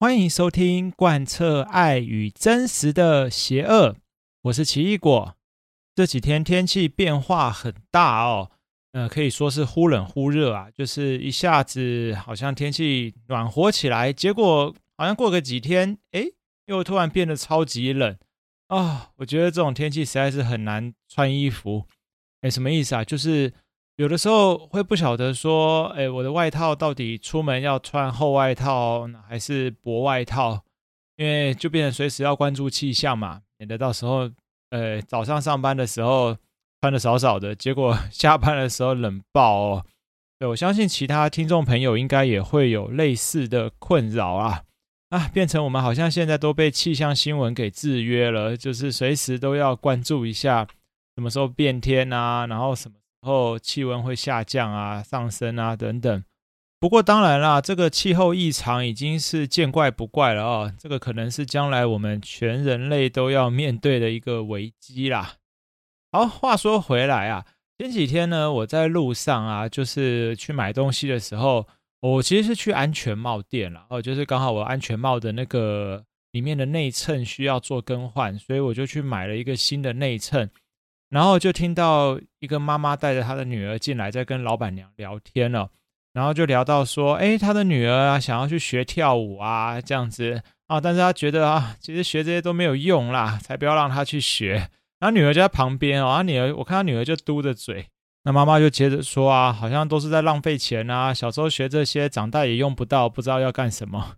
歡迎收聽貫徹愛與真實的邪惡，我是奇異果。這幾天天氣變化很大哦，呃，可以說是忽冷忽熱啊，就是一下子好像天氣暖和起來，結果好像過個幾天，哎，又突然變得超級冷啊。哦，我覺得這種天氣實在是很難穿衣服。哎，什麼意思啊？就是。有的時候會不曉得說，哎，我的外套到底出門要穿厚外套，還是薄外套？因為就變成隨時要關注氣象嘛，免得到時候，呃，早上上班的時候穿的少少的，結果下班的時候冷爆哦。對，我相信其他聽眾朋友應該也會有類似的困擾啊啊！變成我們好像現在都被氣象新聞給制約了，就是隨時都要關注一下什麼時候變天啊，然後什麼。然後氣溫會下降啊、上升啊等等。不過當然啦，這個氣候異常已經是見怪不怪了哦。這個可能是將來我們全人類都要面對的一個危機啦。好，話說回來啊，前幾天呢，我在路上啊，就是去買東西的時候，我其實是去安全帽店啦，然、哦、後就是剛好我安全帽的那個裡面的內襯需要做更換，所以我就去買了一個新的內襯。然後就聽到一個媽媽帶着她的女兒進來，在跟老板娘聊天了、哦，然後就聊到說，誒，她的女兒啊，想要去學跳舞啊，這樣子啊，但是她覺得啊，其實學這些都沒有用啦，才不要讓她去學。然後女兒就在旁邊哦，她、啊、女兒，我看她女兒就嘟着嘴。那媽媽就接着說啊，好像都是在浪費錢啊，小時候學這些，長大也用不到，不知道要幹什麼。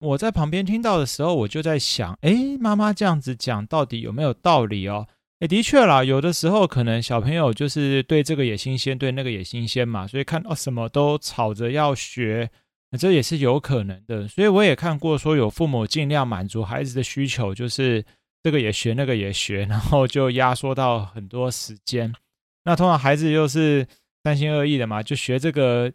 我在旁邊聽到的時候，我就在想，誒，媽媽這樣子講到底有沒有道理哦？也的確啦，有的時候可能小朋友就是對這個也新鮮，對那個也新鮮嘛，所以看到、哦、什麼都吵着要學，這也是有可能的。所以我也看過說有父母儘量滿足孩子的需求，就是這個也學，那個也學，然後就壓縮到很多時間。那通常孩子又是三心二意的嘛，就學這個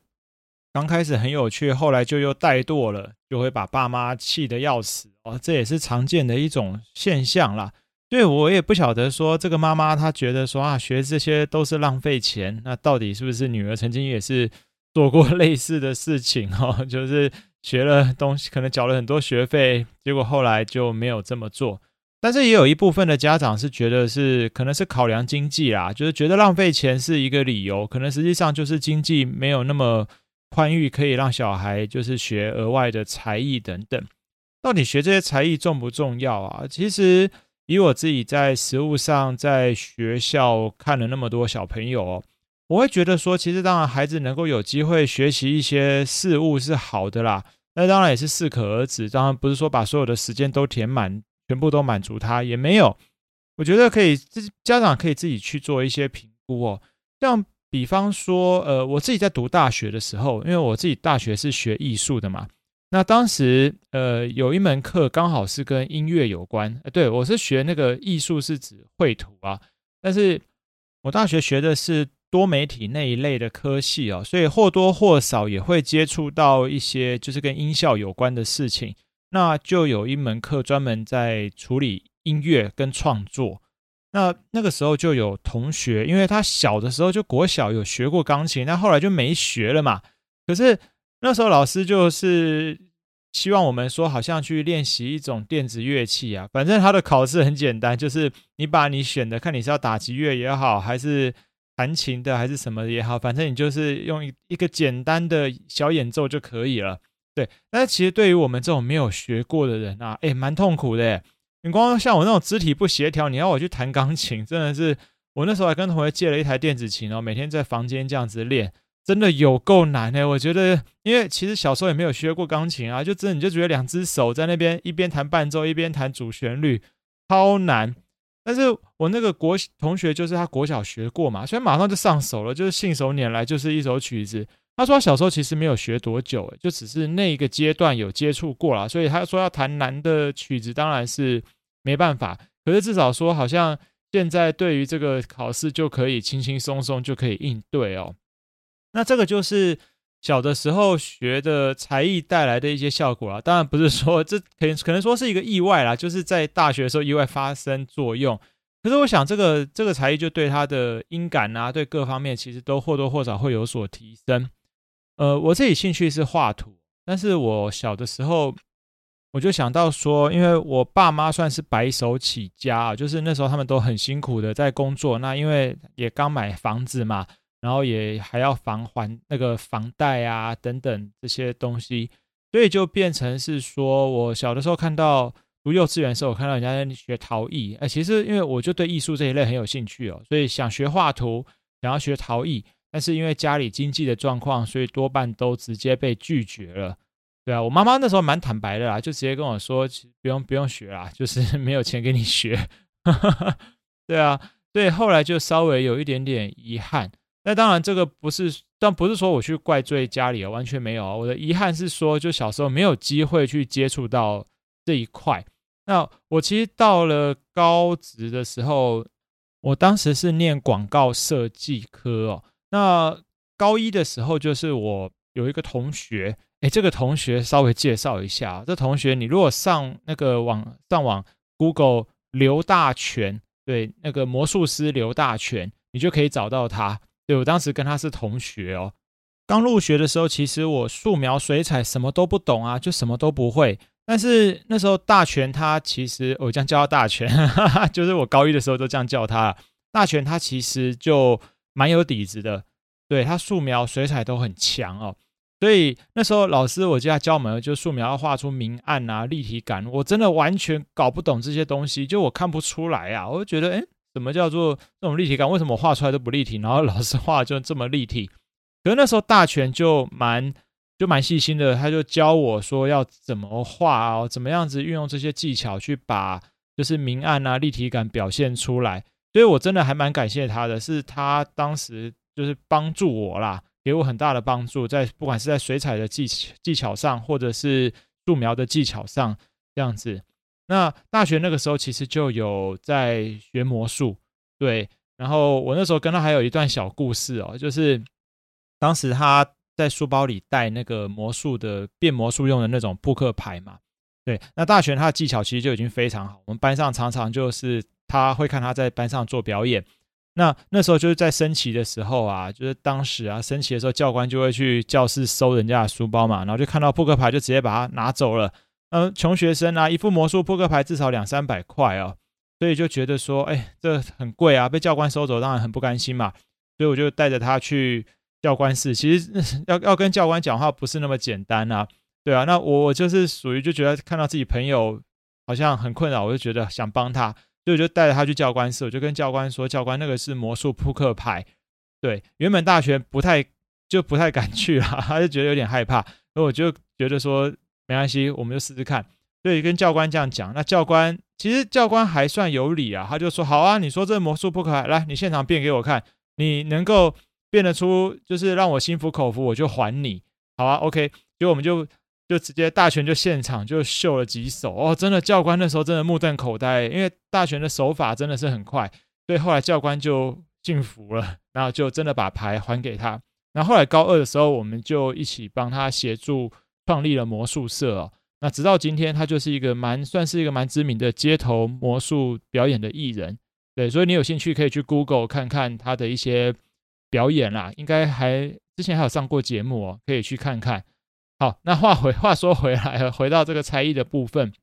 剛開始很有趣，後來就又怠惰了，就會把爸媽氣得要死哦，這也是常見的一種現象啦。對，我也不曉得說，這個媽媽她覺得說啊，學這些都是浪費錢。那到底是不是女兒曾經也是做過類似的事情哈？就是學了東西，可能繳了很多學費，結果後來就沒有這麼做。但是也有一部分的家長是覺得是可能是考量經濟啦，就是覺得浪費錢是一個理由，可能實際上就是經濟沒有那麼寬裕，可以讓小孩就是學額外的才藝等等。到底學這些才藝重不重要啊？其實。以我自己在實務上，在學校看了那麼多小朋友，哦，我會覺得說，其實當然孩子能夠有機會學習一些事物是好的啦，那當然也是適可而止，當然不是說把所有的時間都填滿，全部都滿足他也沒有。我覺得可以，自家長可以自己去做一些評估哦，像比方說，呃，我自己在讀大學的時候，因為我自己大學是學藝術的嘛。那當時，呃，有一門課剛好是跟音樂有關，呃，對，我是學那個藝術是指繪圖啊，但是我大學學的是多媒體那一類的科系哦，所以或多或少也會接觸到一些就是跟音效有關的事情。那就有一門課專門在處理音樂跟創作。那那個時候就有同學，因為他小的時候就國小有學過鋼琴，那後來就沒學了嘛，可是。那時候老師就是希望我們說，好像去練習一種電子樂器啊。反正他的考試很簡單，就是你把你選的，看你是要打擊樂也好，還是彈琴的，還是什麼也好，反正你就是用一,一個簡單的小演奏就可以了。對，但是其實對於我們這種沒有學過的人啊，哎、欸，蠻痛苦的。你光像我那種肢體不協調，你要我去彈鋼琴，真的是我那時候還跟同學借了一台電子琴哦、喔，每天在房間這樣子練。真的有夠難哎、欸！我覺得，因為其實小時候也沒有學過鋼琴啊，就真的你就覺得兩隻手在那邊一邊彈伴奏一邊彈主旋律，超難。但是我那個國同學就是他國小學過嘛，所以馬上就上手了，就是信手拈來，就是一首曲子。他說他小時候其實沒有學多久、欸、就只是那一個階段有接觸過啦。所以他說要彈難的曲子當然是沒辦法。可是至少說，好像現在對於這個考試就可以輕輕鬆鬆就可以應對哦。那這個就是小的時候學的才藝帶來的一些效果啊。當然不是說這可能，可能說是一個意外啦，就是在大學的時候意外發生作用。可是我想這個這個才藝就對他的音感啊，對各方面其實都或多或少會有所提升。呃，我自己興趣是畫圖，但是我小的時候我就想到說，因為我爸媽算是白手起家啊，就是那時候他們都很辛苦的在工作。那因為也剛買房子嘛。然後也還要償還那個房貸啊，等等這些東西，所以就變成是說，我小的時候看到讀幼稚園的時候，我看到人家在那裡學陶藝，哎，其實因為我就對藝術這一類很有興趣哦，所以想學畫圖，想要學陶藝，但是因為家裡經濟的狀況，所以多半都直接被拒絕了。對啊，我媽媽那時候蠻坦白的啦，就直接跟我說其實不用不用學啦，就是沒有錢給你學。 對啊，所以後來就稍微有一點點遺憾。那當然，這個不是，但不是說我去怪罪家裡哦，完全沒有、啊。我的遺憾是說，就小時候沒有機會去接觸到這一塊。那我其實到了高職的時候，我當時是念廣告設計科哦。那高一的時候，就是我有一個同學，哎、欸，這個同學稍微介紹一下、啊，這個、同學你如果上那個網，上網 Google 劉大全，對，那個魔術師劉大全，你就可以找到他。對，我當時跟他是同學哦。剛入學的時候，其實我素描、水彩什麼都不懂啊，就什麼都不會。但是那時候大全，他其實我這樣叫他大全 就是我高一的時候都這樣叫他。大全他其實就蠻有底子的。對，他素描、水彩都很強哦。所以那時候老師我門就要教我們，就是素描要畫出明暗啊、立體感，我真的完全搞不懂這些東西，就我看不出來啊，我就覺得，誒什麼叫做這種立體感？為什麼我畫出來都不立體？然後老師畫就這麼立體。可是那時候大全就蠻就蠻細心的，他就教我說要怎麼畫啊，怎麼樣子運用這些技巧去把就是明暗啊、立體感表現出來。所以我真的還蠻感謝他的，是他當時就是幫助我啦，給我很大的幫助，在不管是在水彩的技巧技巧、上，或者是素描的技巧上，這樣子。那大學那個時候其實就有在學魔術，對。然後我那時候跟他還有一段小故事哦，就是當時他在書包裡帶那個魔術的變魔術用的那種撲克牌嘛，對。那大學他的技巧其實就已經非常好，我們班上常常就是他會看他在班上做表演。那那時候就是在升旗的時候啊，就是當時啊升旗的時候，教官就會去教室搜人家的書包嘛，然後就看到撲克牌就直接把它拿走了。嗯，窮學生啊，一副魔術撲克牌至少兩三百塊哦，所以就覺得說，哎、欸，這很貴啊，被教官收走，當然很不甘心嘛。所以我就帶着他去教官室。其實要要跟教官講話不是那麼簡單啊，對啊。那我我就是屬於就覺得看到自己朋友好像很困擾，我就覺得想幫他，所以我就帶着他去教官室，我就跟教官說，教官那個是魔術撲克牌，對，原本大學不太就不太敢去啦，他就覺得有點害怕，而我就覺得說。沒關係，我們就試試看。對，跟教官這樣講。那教官其實教官還算有理啊，他就說：“好啊，你說這魔術不可愛，來，你現場變給我看，你能夠變得出，就是讓我心服口服，我就還你。”好啊，OK。結果我們就就直接大權就現場就秀了幾手哦，真的教官那時候真的目瞪口呆，因為大權的手法真的是很快，所以後來教官就信服了，然後就真的把牌還給他。然後後來高二的時候，我們就一起幫他協助，創立了魔術社哦，那直到今天，他就是一個蠻算是一個蠻知名的街頭魔術表演的藝人，對，所以你有興趣可以去 Google 看看他的一些表演啦，應該還之前還有上過節目哦，可以去看看。好，那話回話說回來，回到這個才藝的部分，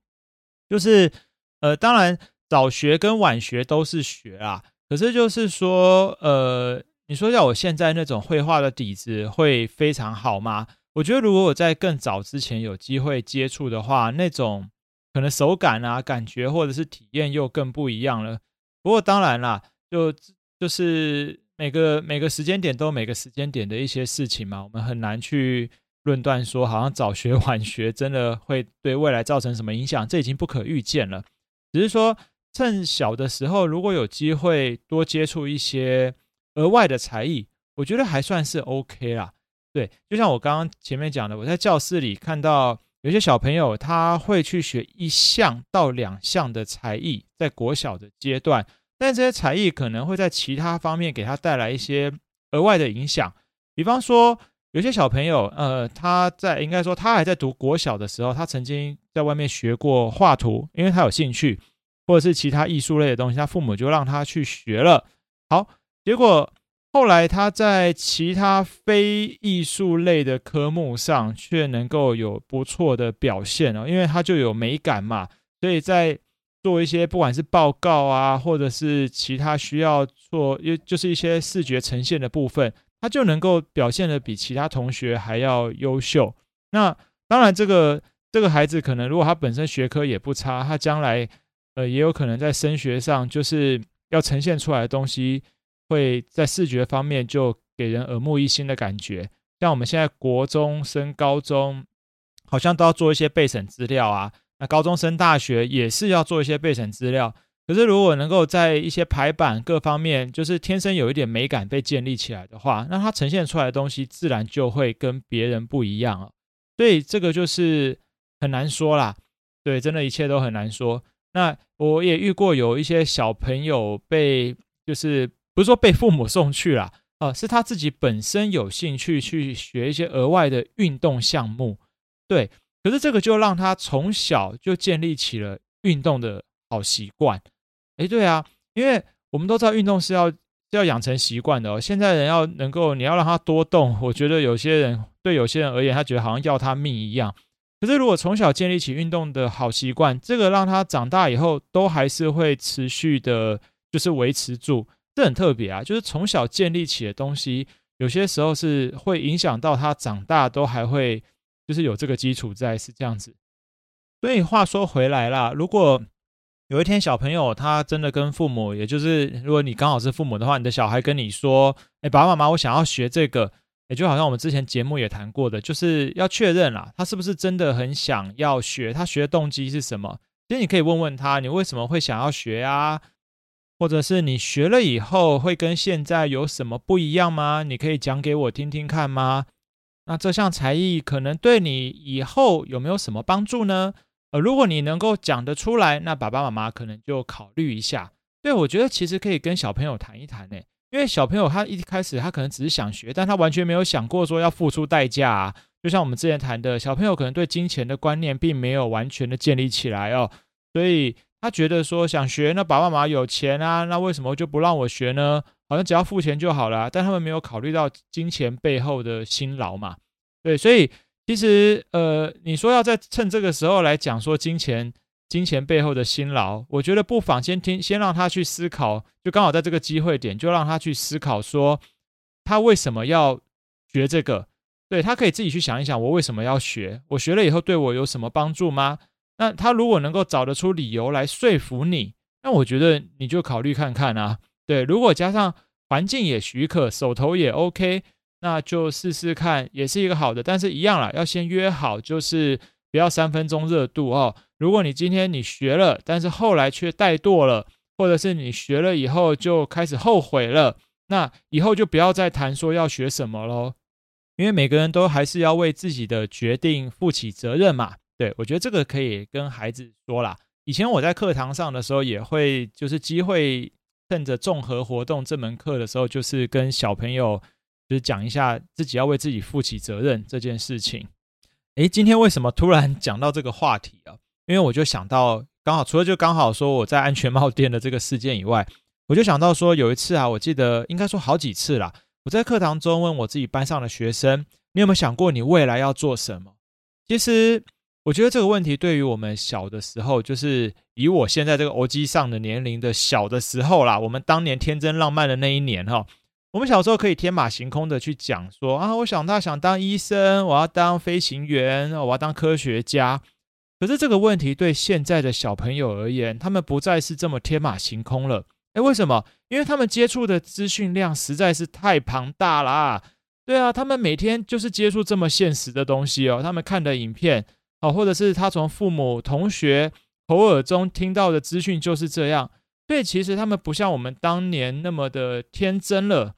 就是呃，當然早學跟晚學都是學啊，可是就是說呃，你說要我現在那種繪畫的底子會非常好嗎？我覺得，如果我在更早之前有機會接觸的話，那種可能手感啊、感覺或者是體驗又更不一樣了。不過當然啦，就就是每個每個時間點都有每個時間點的一些事情嘛，我們很難去論斷說，好像早學晚學真的會對未來造成什麼影響，這已經不可預見了。只是說，趁小的時候，如果有機會多接觸一些額外的才藝，我覺得還算是 OK 啦。對，就像我剛剛前面講的，我在教室裡看到有些小朋友，他會去學一項到兩項的才藝，在國小的階段，但這些才藝可能會在其他方面給他帶來一些額外的影響。比方說，有些小朋友，呃，他在應該說他還在讀國小的時候，他曾經在外面學過畫圖，因為他有興趣，或者是其他藝術類的東西，他父母就讓他去學了。好，結果。後來他在其他非藝術類的科目上卻能夠有不錯的表現哦，因為他就有美感嘛，所以在做一些不管是報告啊，或者是其他需要做，又就是一些視覺呈現的部分，他就能夠表現得比其他同學還要優秀。那當然，這個這個孩子可能如果他本身學科也不差，他將來呃，也有可能在升學上就是要呈現出來的東西，會在視覺方面就給人耳目一新的感覺，像我們現在國中升高中，好像都要做一些備審資料啊，那高中升大學也是要做一些備審資料。可是如果能夠在一些排版各方面，就是天生有一點美感被建立起來的話，那它呈現出來的東西自然就會跟別人不一樣了。所以這個就是很難說啦，對，真的一切都很難說。那我也遇過有一些小朋友被就是。不是說被父母送去啦，啊、呃，是他自己本身有興趣去學一些額外的運動項目，對。可是這個就讓他從小就建立起了運動的好習慣。誒，對啊，因為我們都知道運動是要是要養成習慣的哦。現在人要能夠，你要讓他多動，我覺得有些人對有些人而言，他覺得好像要他命一樣。可是如果從小建立起運動的好習慣，這個讓他長大以後都還是會持續的，就是維持住。這很特別啊，就是從小建立起的東西，有些時候是會影響到他長大，都還會就是有這個基礎在，是這樣子。所以話說回來啦，如果有一天小朋友他真的跟父母，也就是如果你剛好是父母的話，你的小孩跟你說：“誒，爸爸媽媽，我想要學這個。”也就好像我們之前節目也談過的，就是要確認啦，他是不是真的很想要學，他學的動機是什麼。其實你可以問問他，你為什麼會想要學啊？或者是你學了以後會跟現在有什麼不一樣嗎？你可以講給我聽聽看嗎？那這項才藝可能對你以後有沒有什麼幫助呢？呃，如果你能夠講得出來，那爸爸媽媽可能就考慮一下。對，我覺得其實可以跟小朋友談一談誒，因為小朋友他一開始他可能只是想學，但他完全沒有想過說要付出代價啊。就像我們之前談的，小朋友可能對金錢的觀念並沒有完全的建立起來哦，所以。他覺得說想學，那爸爸媽媽有錢啊，那為什麼就不讓我學呢？好像只要付錢就好了啊，但他們沒有考慮到金錢背後的辛勞嘛。對，所以其實呃，你說要在趁這個時候來講說金錢，金錢背後的辛勞，我覺得不妨先聽，先讓他去思考，就剛好在這個機會點，就讓他去思考說他為什麼要學這個。對，他可以自己去想一想，我為什麼要學？我學了以後對我有什麼幫助嗎？那他如果能夠找得出理由來說服你，那我覺得你就考慮看看啊。對，如果加上環境也許可，手頭也 OK，那就試試看，也是一個好的。但是一樣啦，要先約好，就是不要三分鐘熱度哦。如果你今天你學了，但是後來卻怠惰了，或者是你學了以後就開始後悔了，那以後就不要再談說要學什麼咯。因為每個人都還是要為自己的決定負起責任嘛。對，我覺得這個可以跟孩子說啦。以前我在課堂上的時候，也會就是機會趁着綜合活動這門課的時候，就是跟小朋友就是講一下自己要為自己負起責任這件事情。誒，今天為什麼突然講到這個話題啊？因為我就想到，剛好除了就剛好說我在安全帽店的這個事件以外，我就想到說有一次啊，我記得應該說好幾次啦。我在課堂中問我自己班上的學生，你有沒有想過你未來要做什麼？其實。我覺得這個問題對於我們小的時候，就是以我現在這個 OG 上的年齡的小的時候啦，我們當年天真浪漫的那一年哈，我們小時候可以天馬行空的去講說啊，我長大想當醫生，我要當飛行員，我要當科學家。可是這個問題對現在的小朋友而言，他們不再是這麼天馬行空了。欸，誒，為什麼？因為他們接觸的資訊量實在是太龐大啦。對啊，他們每天就是接觸這麼現實的東西哦，他們看的影片。哦，或者是他從父母、同學口耳中聽到的資訊就是這樣，所以其實他們不像我們當年那麼的天真了。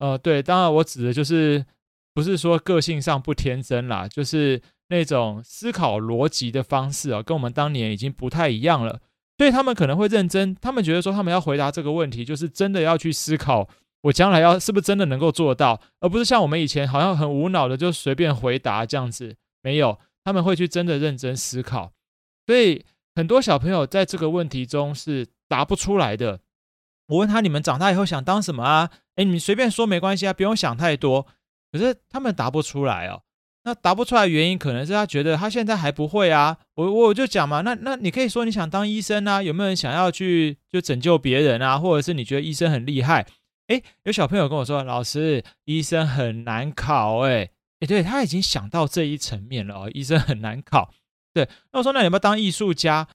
呃，對，當然我指的就是不是說個性上不天真啦，就是那種思考邏輯的方式啊、哦，跟我們當年已經不太一樣了。所以他們可能會認真，他們覺得說他們要回答這個問題，就是真的要去思考我將來要是不是真的能夠做到，而不是像我們以前好像很無腦的就隨便回答這樣子，沒有。他們會去真的認真思考，所以很多小朋友在這個問題中是答不出來的。我問他：“你們長大以後想當什麼啊？”哎，你隨便說沒關係啊，不用想太多。可是他們答不出來哦。那答不出來的原因可能是他覺得他現在還不會啊。我我我就講嘛，那那你可以說你想當醫生啊？有沒有人想要去就拯救別人啊？或者是你覺得醫生很厲害？哎，有小朋友跟我說：“老師，醫生很難考，欸。”哎。哎、欸，對，他已經想到這一層面了哦。醫生很難考，對。那我說，那有沒有當藝術家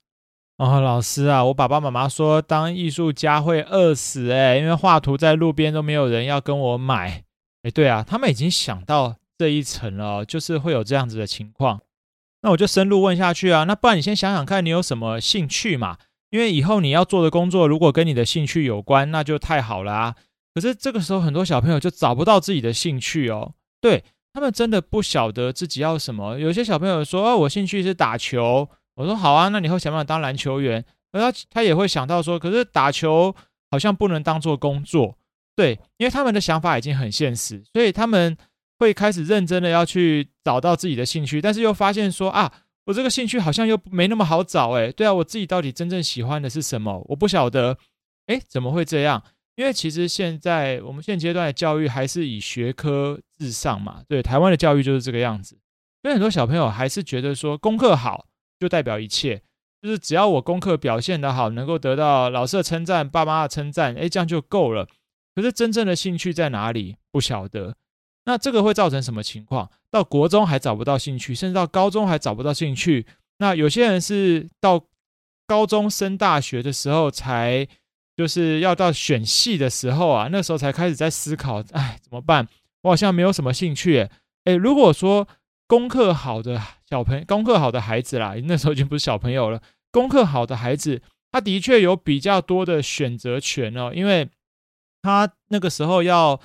哦，老師啊，我爸爸媽媽說當藝術家會餓死誒、欸，因為畫圖在路邊都沒有人要跟我買。誒、欸，對啊，他們已經想到這一層了，哦，就是會有這樣子的情況。那我就深入問下去啊。那不然你先想想看你有什麼興趣嘛？因為以後你要做的工作如果跟你的興趣有關，那就太好了啊。可是這個時候，很多小朋友就找不到自己的興趣哦。對。他們真的不曉得自己要什麼。有些小朋友說：“啊，我興趣是打球。”我說：“好啊，那你會想辦法當籃球員。”然後他也會想到說：“可是打球好像不能當做工作。”對，因為他們的想法已經很現實，所以他們會開始認真的要去找到自己的興趣，但是又發現說：“啊，我這個興趣好像又沒那麼好找。”哎，對啊，我自己到底真正喜歡的是什麼？我不曉得。哎，怎麼會這樣？因為其實現在我們現階段的教育還是以學科至上嘛，對台灣的教育就是這個樣子，所以很多小朋友還是覺得說功課好就代表一切，就是只要我功課表現得好，能夠得到老師的稱讚、爸媽的稱讚，誒，這樣就夠了。可是真正的興趣在哪裡？不曉得。那這個會造成什麼情況？到國中還找不到興趣，甚至到高中還找不到興趣。那有些人是到高中升大學的時候才。就是要到選系的時候啊，那時候才開始在思考，哎，怎麼辦？我好像沒有什麼興趣。欸，如果說功課好的小朋友，功課好的孩子啦，那時候已經不是小朋友了。功課好的孩子，他的確有比較多的選擇權喔，因為他那個時候要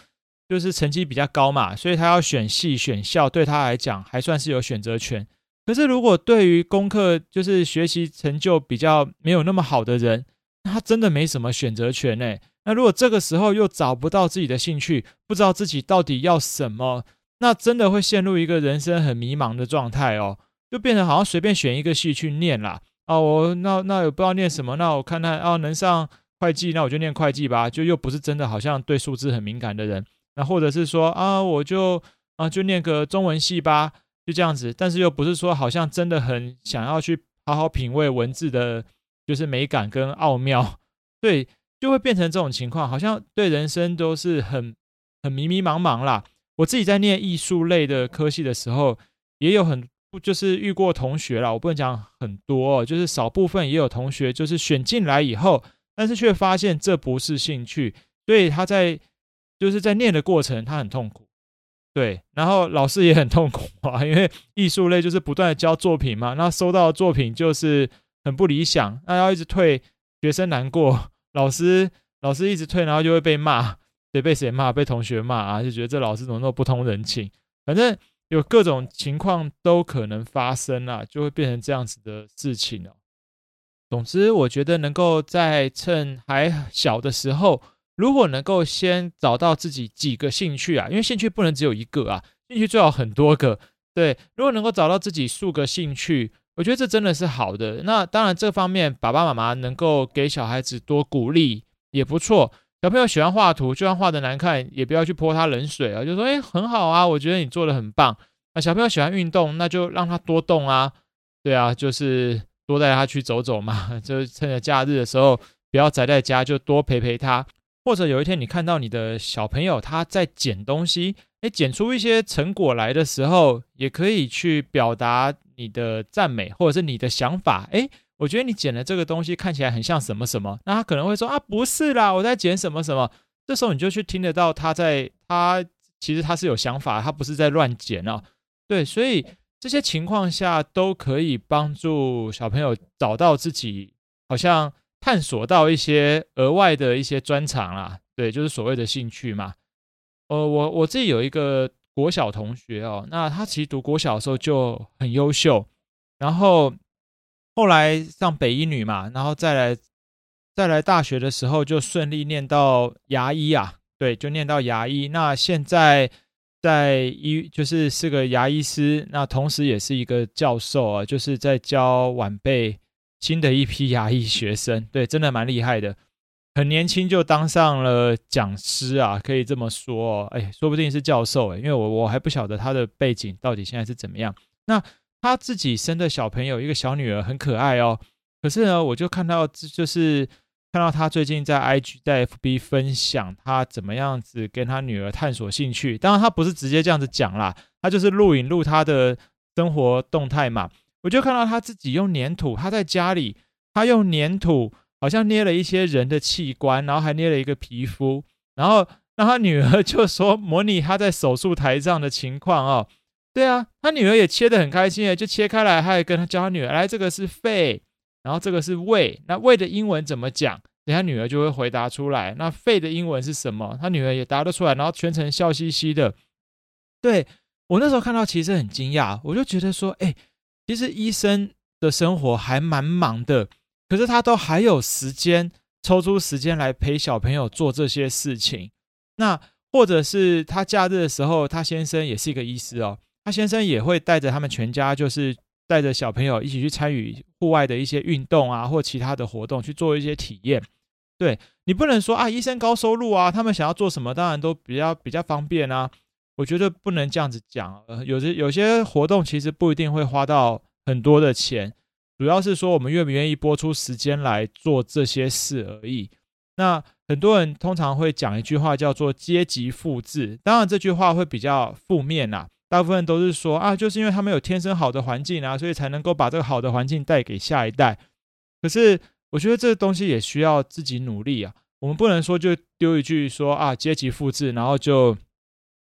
就是成績比較高嘛，所以他要選系、選校，對他來講還算是有選擇權。可是如果對於功課就是學習成就比較沒有那麼好的人，他真的沒什麼選擇權呢、欸。那如果這個時候又找不到自己的興趣，不知道自己到底要什麼，那真的會陷入一個人生很迷茫的狀態哦。就變成好像隨便選一個系去念啦。哦，我那那也不知道念什麼，那我看看啊能上會計，那我就念會計吧。就又不是真的好像對數字很敏感的人、啊。那或者是說啊，我就啊就念個中文系吧，就這樣子。但是又不是說好像真的很想要去好好品味文字的。就是美感跟奧妙，對，就會變成這種情況，好像對人生都是很很迷迷茫茫啦。我自己在念藝術類的科系的時候，也有很就是遇過同學啦，我不能講很多哦，就是少部分也有同學就是選進來以後，但是卻發現這不是興趣，所以他在就是在念的過程他很痛苦，對，然後老師也很痛苦啊，因為藝術類就是不斷的交作品嘛，那收到的作品就是。很不理想，那、啊、要一直退，學生難過，老師老師一直退，然後就會被罵，誰被誰罵，被同學罵啊，就覺得這老師怎麼那麼不通人情？反正有各種情況都可能發生啊，就會變成這樣子的事情哦、啊。總之，我覺得能夠在趁還小的時候，如果能夠先找到自己幾個興趣啊，因為興趣不能只有一個啊，興趣最好很多個，對，如果能夠找到自己數個興趣。我覺得這真的是好的。那當然，這方面爸爸媽媽能夠給小孩子多鼓勵也不錯。小朋友喜歡畫圖，就算畫得難看，也不要去潑他冷水啊，就說：“欸，很好啊，我覺得你做得很棒。”啊，小朋友喜歡運動，那就讓他多動啊。對啊，就是多帶他去走走嘛。就趁着假日的時候，不要宅在家，就多陪陪他。或者有一天你看到你的小朋友他在撿東西，欸，撿出一些成果來的時候，也可以去表達。你的讚美，或者是你的想法，誒，我覺得你剪了這個東西看起來很像什麼什麼，那他可能會說啊，不是啦，我在剪什麼什麼。這時候你就去聽得到他在，他其實他是有想法，他不是在亂剪哦。對，所以這些情況下都可以幫助小朋友找到自己，好像探索到一些額外的一些專長啦。對，就是所謂的興趣嘛。呃，我我自己有一個國小同學哦，那他其實讀國小的時候就很優秀，然後後來上北一女嘛，然後再來再來大學的時候就順利念到牙醫啊，對，就念到牙醫。那現在在一就是是個牙醫師，那同時也是一個教授啊，就是在教晚輩新的一批牙醫學生，對，真的蠻厲害的。很年輕就當上了講師啊，可以這麼說哦，哎，說不定是教授欸，因為我我還不曉得他的背景到底現在是怎麼樣。那他自己生的小朋友，一個小女兒很可愛哦。可是呢，我就看到，就是看到他最近在 IG 在 FB 分享他怎麼樣子跟他女兒探索興趣。當然他不是直接這樣子講啦，他就是錄影錄他的生活動態嘛。我就看到他自己用黏土，他在家裡，他用黏土。好像捏了一些人的器官，然後還捏了一個皮膚，然後那他女兒就說模擬他在手術台上的情況哦，對啊，他女兒也切得很開心誒，就切開來，他也跟他教他女兒來這個是肺，然後這個是胃，那胃的英文怎麼講？等下女兒就會回答出來。那肺的英文是什麼？他女兒也答得出來，然後全程笑嘻嘻的。對我那時候看到，其實很驚訝，我就覺得說，哎，其實醫生的生活還蠻忙的。可是他都還有時間抽出時間來陪小朋友做這些事情。那或者是他假日的時候，他先生也是一個醫師哦，他先生也會帶着他們全家，就是帶着小朋友一起去參與戶外的一些運動啊，或其他的活動去做一些體驗。對，你不能說啊，醫生高收入啊，他們想要做什麼，當然都比較比較方便啊。我覺得不能這樣子講，呃，有些有些活動其實不一定會花到很多的錢。主要是說我們願不願意撥出時間來做這些事而已。那很多人通常會講一句話叫做“階級複製”，當然這句話會比較負面啦、啊，大部分都是說啊，就是因為他們有天生好的環境啊，所以才能夠把這個好的環境帶給下一代。可是我覺得這個東西也需要自己努力啊。我們不能說就丟一句說啊階級複製，然後就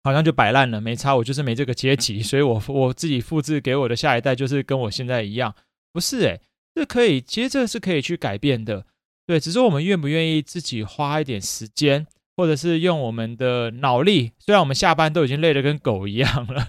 好像就擺爛了，沒差，我就是沒這個階級，所以我我自己複製給我的下一代就是跟我現在一樣。不是誒、欸，這可以，接着是可以去改變的，對，只是我們願不願意自己花一點時間，或者是用我們的腦力，雖然我們下班都已經累得跟狗一樣了，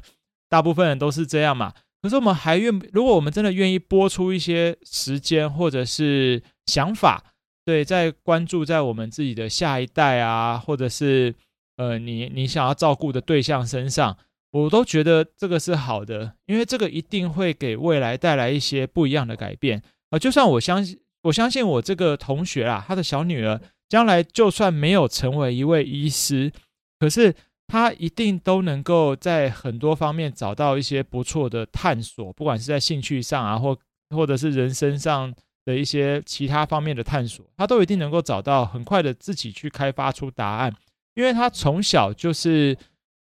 大部分人都是這樣嘛。可是我們還願，如果我們真的願意撥出一些時間或者是想法，對，在關注在我們自己的下一代啊，或者是呃，你你想要照顧的對象身上。我都覺得這個是好的，因為這個一定會給未來帶來一些不一樣的改變啊，呃，就算我相信，我相信我這個同學啊，他的小女兒將來就算沒有成為一位醫師，可是她一定都能夠在很多方面找到一些不錯的探索，不管是在興趣上啊，或或者是人生上的一些其他方面的探索，她都一定能夠找到很快的自己去開發出答案，因為她從小就是。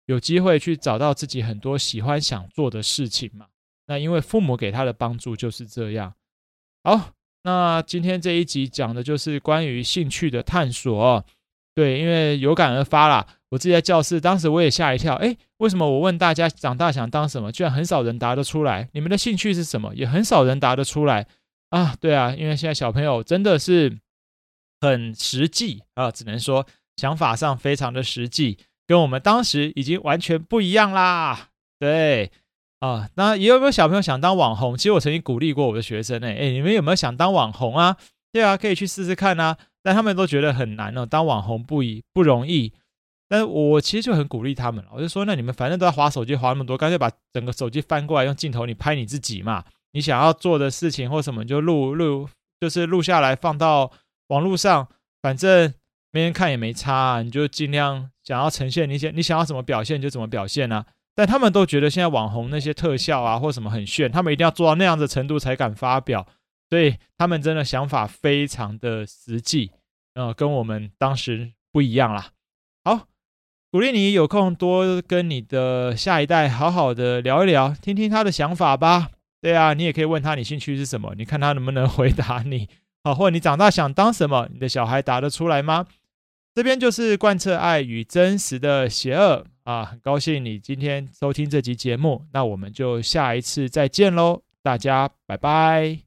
有機會去找到自己很多喜歡想做的事情嘛。那因為父母給他的幫助就是這樣。好，那今天這一集講的就是關於興趣的探索哦。對，因為有感而發啦。我自己在教室，當時我也嚇一跳，誒,為什麼我問大家長大想當什麼？居然很少人答得出來。你們的興趣是什麼？也很少人答得出來啊。對啊，因為現在小朋友真的是很實際啊，只能說想法上非常的實際。跟我們當時已經完全不一樣啦，對啊，那也有沒有小朋友想當網紅？其實我曾經鼓勵過我的學生呢，哎，哎，你們有沒有想當網紅啊？對啊，可以去試試看啊，但他們都覺得很難哦、啊，當網紅不易不容易，但是我其實就很鼓勵他們了，我就說那你們反正都要滑手機滑那麼多，乾脆把整個手機翻過來，用鏡頭你拍你自己嘛，你想要做的事情或什麼就錄錄，就是錄下來放到網絡上，反正。別人看也沒差啊，你就盡量想要呈現你一些，你想要怎麼表現就怎麼表現啊。但他們都覺得現在網紅那些特效啊，或什麼很炫，他們一定要做到那樣的程度才敢發表，所以他們真的想法非常的實際，呃，跟我們當時不一樣啦。好，鼓勵你有空多跟你的下一代好好的聊一聊，聽聽他的想法吧。對啊，你也可以問他你興趣是什麼，你看他能不能回答你。好，或者你長大想當什麼，你的小孩答得出來嗎？這邊就是貫徹愛與真實的邪惡啊！很高興你今天收聽這集節目，那我們就下一次再見嘍，大家拜拜。